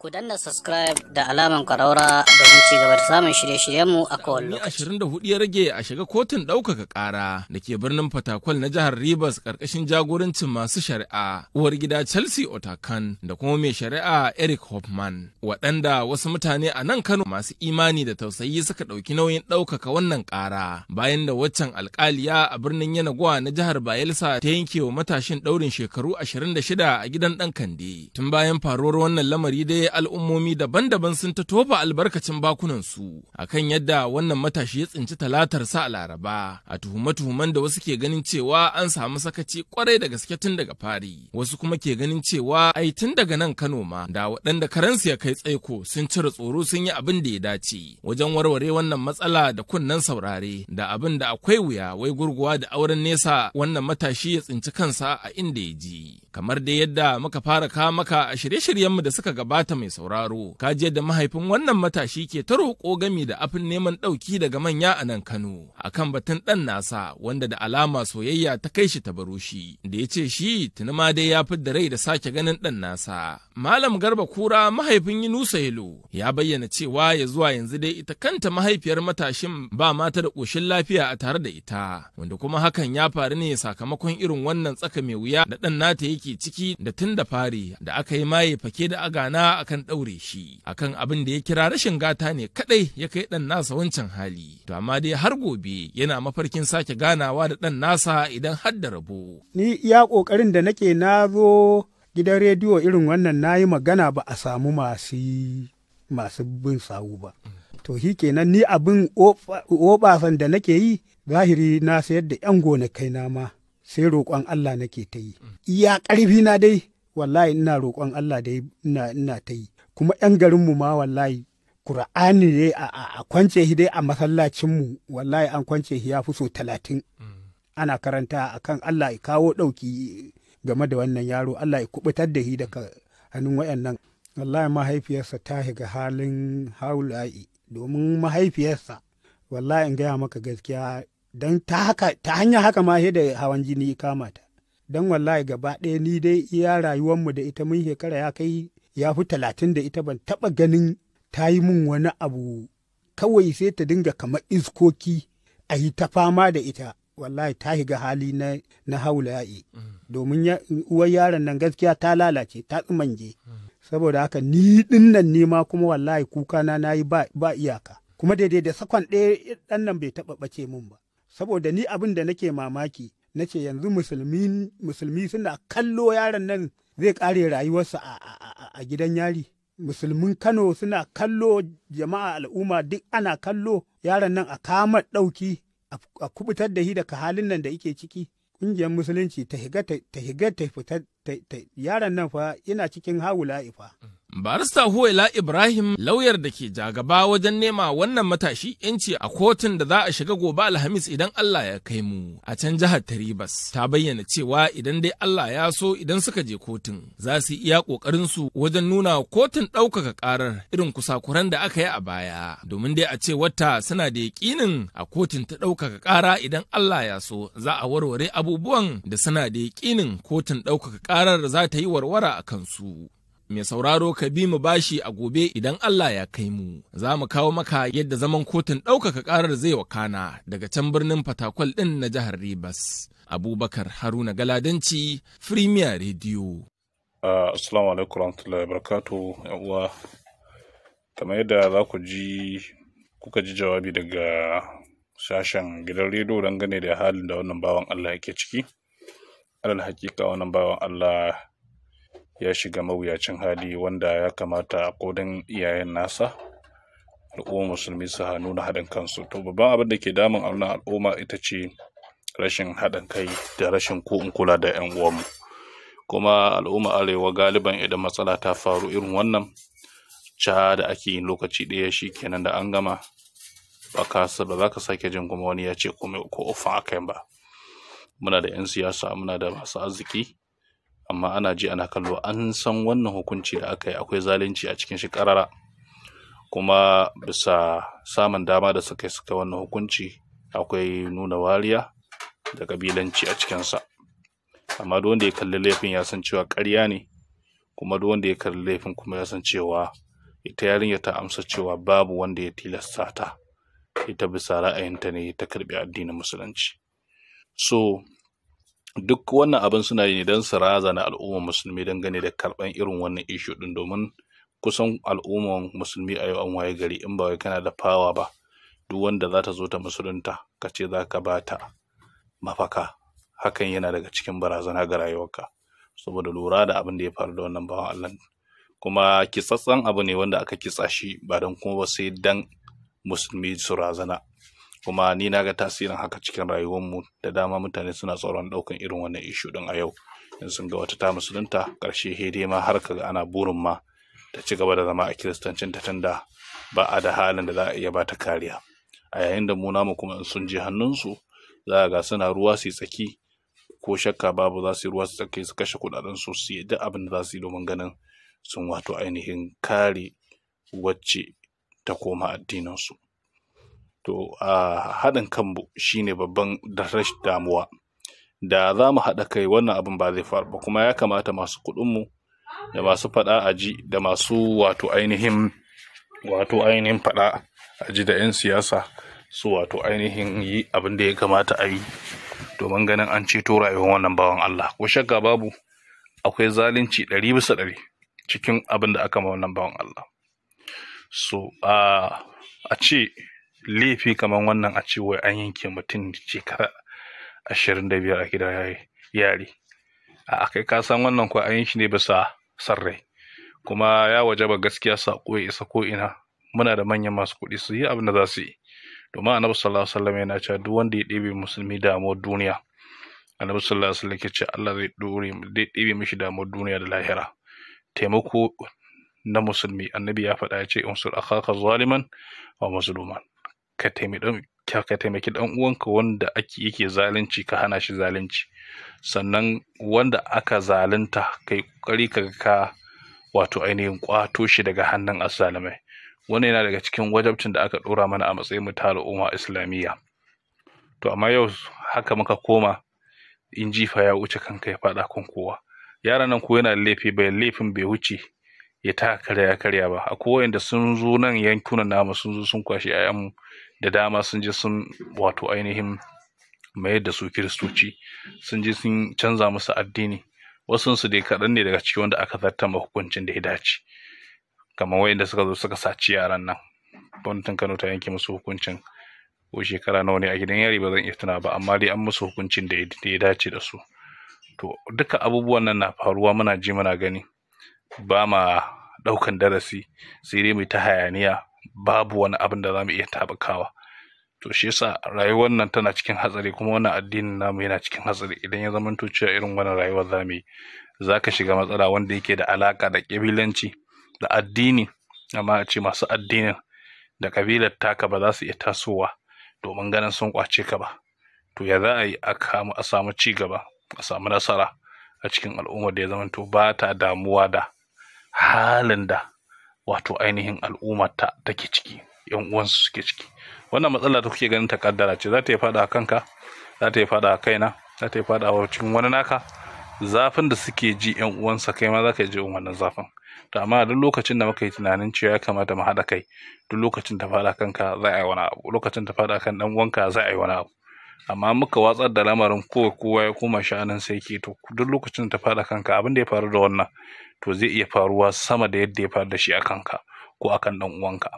Ku danna subscribe da alaman kwaraura domin ci gaba da samun shirye-shiryenmu a kowane lokaci. Ashirin da hudu ya rage a shiga kotun ɗaukaka ƙara da ke birnin Fatakwal na jihar Rivers ƙarƙashin jagorancin masu shari'a uwar gida Chelsea Otakan da kuma mai shari'a Eric Hoffman. Waɗanda wasu mutane a nan Kano masu imani da tausayi suka ɗauki nauyin ɗaukaka wannan ƙara bayan da waccan alƙaliya a birnin yanagwa na jihar Bayelsa ta yanke wa matashin ɗaurin shekaru ashirin a gidan ɗan Kande. Tun bayan faruwar wannan lamari dai al'ummomi daban-daban sun ta tofa albarkacin bakunansu kan yadda wannan matashi ya tsinci talatarsa a Laraba a tuhume-tuhumen da wasu ke ganin cewa an samu sakaci kwarai da gaske tun daga fari wasu kuma ke ganin cewa ai tun daga nan Kano ma da waɗanda karansu ya kai tsaiko sun cire tsoro sun yi abin da ya dace wajen warware wannan matsala da kunnen saurare da abin da akwai wuya wai gurguwa da auren nesa wannan matashi ya tsinci kansa a inda ya ji kamar dai yadda muka fara kawo maka a shirye-shiryenmu da suka gabata mai sauraro ka je da mahaifin wannan matashi ke ta roƙo gami da afin neman ɗauki daga manya a nan Kano akan batun ɗan nasa wanda da alama soyayya ta kai shi ta baro shi da ya ce shi tuni ma dai ya fi da rai da sake ganin ɗan nasa Malam Garba Kura mahaifin Yunusa Yelo ya bayyana cewa ya zuwa yanzu dai ita kanta mahaifiyar matashin ba mata da ƙoshin lafiya a tare da ita wanda kuma hakan ya faru ne sakamakon irin wannan tsaka mai wuya da ɗan nata yake ciki da tun da fari da aka yi maye fake da agana a kan ɗaure shi akan abin da ya kira rashin gata ne kaɗai ya kai ɗan nasa wancan hali to amma dai har gobe yana mafarkin sake ganawa da ɗan nasa idan har da rabo. ni iya ƙoƙarin da nake na zo gidan rediyo irin wannan na yi magana ba a samu masu masu bin sawu ba to shi kenan ni abin obasan da nake yi zahiri na sayar da yan gonakai na ma sai roƙon Allah nake ta yi iya ƙarfi na dai wallahi ina roƙon Allah da ina ina ta yi kuma yan garin mu ma wallahi Qur'ani ne a kwance shi dai a masallacin mu wallahi an kwance shi ya fi so talatin mm. ana karanta akan Allah ya kawo ɗauki game da wannan yaro Allah ya kubutar da shi daga hannun wayannan wallahi mahaifiyarsa ta shiga halin haula'i domin mahaifiyarsa wallahi in gaya maka gaskiya don ta hanya haka ma da hawan jini kama ta don wallahi gaba ɗaya ni dai iya mu da ita mun shekara ya kai ya fi talatin da ita ban taɓa ganin ta yi min wani abu kawai sai ta dinga kamar iskoki a yi ta fama da ita wallahi ta shiga hali na, na haula'i domin uwar yaron nan gaskiya ta lalace ta tsimange saboda haka ni nan dinnan ma kuma wallahi kuka na yi ba, iyaka kuma daidai da sakon ɗaya ɗan nan bai taɓa ɓace min ba saboda ni abin da nake mamaki ce yanzu musulmi suna kallo yaron nan zai kare rayuwarsa a gidan yari musulmin kano suna kallo jama'a al'umma duk ana kallo yaron nan a kama ɗauki a kubutar da shi daga halin nan da yake ciki ƙungiyar musulunci ta higa ta fita yaron nan fa yana cikin hawula ifa. Mm. Barista Huwaila Ibrahim lauyar da ke jagaba wajen nema wannan matashi yanci a kotun da za a shiga gobe Alhamis idan Allah ya kai mu a can jihar Taribas ta bayyana cewa idan dai Allah ya so idan suka je kotun za su iya ƙoƙarinsu su wajen nuna kotun ɗaukaka ƙarar irin kusakuran da aka yi a baya domin dai a ce wata suna da yaƙinin a kotun ta ɗaukaka ƙara idan Allah ya so za a warware abubuwan da suna da yaƙinin kotun ɗaukaka ƙarar za ta yi warwara a kansu. Mai sauraro ka bi mu bashi a gobe idan Allah ya kai mu. Za mu kawo maka yadda zaman kotun ɗaukaka ƙarar zai wakana daga can birnin Fatakwal ɗin na jihar Ribas. Abubakar Haruna Galadanci, Premier Radio. Ah, assalamu alaikum warahmatullahi wabarakatuh. Yawwa, kamar yadda za ku ji kuka ji jawabi daga sashen gidan rediyo dangane da halin da wannan bawan Allah yake ciki. Alal hakika wannan bawan Allah ya shiga mawuyacin hali wanda ya kamata a kodin iyayen nasa al'ummar musulmi su nuna haɗin kansu to babban abin da ke damun auna al'umma ita ce rashin haɗin kai da rashin ko in kula da 'yan uwanmu kuma al'umma arewa galiban idan matsala ta faru irin wannan ca da ake yin lokaci ɗaya shi kenan da an gama ba ka ba ka sake jin kuma wani ya ce ko ofan kai ba muna da 'yan siyasa muna da masu arziki amma ana ji ana kallo an san wannan hukunci da aka yi akwai zalunci a cikin shi karara kuma bisa samun dama da suka suka wannan hukunci akwai nuna wariya da kabilanci a cikinsa amma duk wanda ya kalli laifin ya san cewa ƙarya ne kuma duk wanda ya kalli laifin kuma ya san cewa ita yarinya ta amsa cewa babu wanda ya tilasta ta ita bisa ra'ayinta ne ta karɓi addinin musulunci so duk wannan abin suna yi don su razana al'ummar musulmi don gane da karɓan irin wannan ishu ɗin domin kusan al'ummar musulmi a yau an waye gari in ba wai kana da fawa ba duk wanda za ta zo ta musulunta ka ce za ka ba ta mafaka hakan yana daga cikin barazana ga rayuwarka saboda lura da abin da ya faru da wannan bawan Allah kuma kitsatsan abu ne wanda aka kitsa shi ba don kuma ba sai dan musulmi su razana kuma ni na ga tasirin haka cikin rayuwarmu da dama mutane suna tsoron ɗaukan irin wannan ishu ɗin a yau in sun ga wata ta musulunta karshe hede ma har kaga ga ana burin ma ta ci gaba da zama a kiristancin ta tunda ba a da halin da za a iya bata kariya a yayin da mu namu kuma in sun je hannunsu za a ga suna ruwa su tsaki ko shakka babu za su yi ruwa su tsaki su kashe kuɗaɗen su su yi duk abin da za su yi domin ganin sun wato ainihin kare wacce ta koma addininsu. to a haɗin kanmu shine babban rashin damuwa da za mu haɗa kai wannan abin ba zai faru ba kuma ya kamata masu kuɗinmu da masu faɗa a ji da masu wato ainihin wato ainihin faɗa a ji da 'yan siyasa su wato ainihin yi abin da ya kamata a yi domin ganin an ceto rayuwar wannan bawan Allah ko shakka babu akwai zalunci ɗari bisa ɗari cikin abin da aka ma wannan bawan Allah so a ce laifi kamar wannan a ce wai an yanke mutum shekara ashirin da biyar a gida yare a kai ka san wannan ko an yi shi ne bisa san kuma ya waje ba gaskiya sako ya isa ko ina muna da manyan masu kuɗi su yi abin da za su yi domin annabi sallallahu alaihi wasallam yana cewa duk wanda ya ɗebe musulmi damuwar duniya annabi sallallahu alaihi wasallam yake Allah zai dore zai ɗebe mishi damuwar duniya da lahira taimako na musulmi annabi ya faɗa ya ce in unsur akhaka zaliman wa mazluman ka taimaki ka taimaki ɗan uwanka wanda ake yake zalunci ka hana shi zalunci sannan wanda aka zalunta kai kokari ka ka wato ainihin ƙwato shi daga hannun asalamai wannan yana daga cikin wajabcin da aka ɗora mana a matsayin mu ta al'umma islamiyya to amma yau haka muka koma in jifa ya wuce kanka ya faɗa kan kowa yaran nan ko yana laifi bai laifin bai wuce ya ta karya karya ba a wanda sun zo nan yankunan namu sun zo sun kwashi 'ya'yanmu da dama sun je sun wato ainihin mayar da su kiristoci sun je sun canza musu addini wasunsu dai kaɗan ne daga cikin wanda aka zartama hukuncin da ya dace kamar wayanda suka zo suka saci yaran nan gwamnatin kano ta yanke musu hukuncin ko shekara nawa ne a gidan yari ba zan iya tuna ba amma dai an musu hukuncin da ya dace da su to duka abubuwan nan na faruwa muna ji muna gani ba ma ɗaukan darasi sai dai mai ta hayaniya babu wani abin da za mu iya taɓakawa to shi yasa rayuwar nan tana cikin hatsari kuma wannan addinin namu yana cikin hatsari idan ya zama zamanto cewa irin wannan rayuwar za mu yi za ka shiga matsala wanda yake da alaka da ƙabilanci da addini amma a ce masu addinin da ƙabilar taka ba za su iya tasowa domin ganin sun kwace ka ba to ya za a yi a a samu ci gaba a samu nasara a cikin al'ummar da ya zamanto ba ta damuwa da halin da wato ainihin al'ummarta take ciki yan uwansu suke ciki wannan matsala da kuke ganin takaddara ce za ta yi fada kanka za ta yi fada kaina za ta yi fada a cikin wani naka zafin da suke ji yan uwansa kai ma za ka ji wannan zafin to amma duk lokacin da muka yi tunanin cewa ya kamata mu haɗa kai duk lokacin ta fada kanka za a yi wani abu lokacin ta fada kan dan uwanka za a yi wani abu amma muka watsar da lamarin kowa kowa ya koma sha'anin sai ke to duk lokacin ta fada kanka abin da ya faru da wannan to zai iya faruwa sama da yadda ya faru da shi a kanka ko akan dan uwanka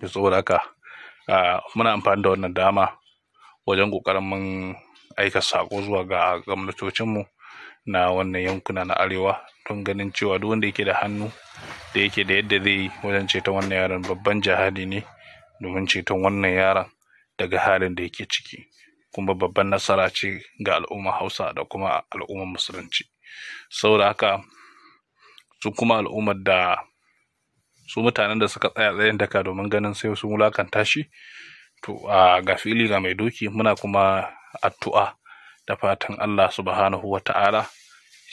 to saboda haka muna amfani da wannan dama wajen kokarin mun aika sako zuwa ga gwamnatocinmu na wannan yankuna na arewa don ganin cewa duk wanda yake da hannu da yake da yadda zai yi wajen ceton wannan yaron babban jihadi ne domin ceton wannan yaron daga halin da yake ciki kuma babban nasara ce ga al'umma hausa da kuma al'ummar musulunci saboda haka su kuma al'ummar da su mutanen da suka tsaya tsayin daka domin ganin sai sun wulakanta shi to a ga fili ga mai doki muna kuma addu'a da fatan Allah subhanahu wa ta'ala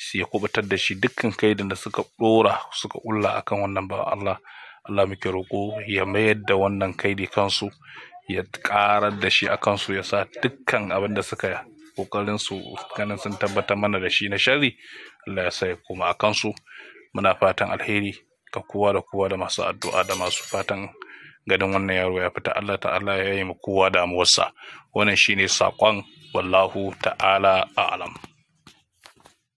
su ya kubutar da shi dukkan kaidin da suka dora suka ulla akan wannan ba Allah Allah muke roƙo ya mayar da wannan kaidi kansu ya karar da shi a kansu ya sa dukkan abin da suka kokarin su ganin sun tabbatar mana da shi na sharri Allah ya sai kuma a kansu muna fatan alheri ga kowa da kowa da masu addu'a da masu fatan ganin wannan yaro ya fita Allah ta'ala ya yi mu kowa damuwarsa wannan shine saƙon wallahu ta'ala a'lam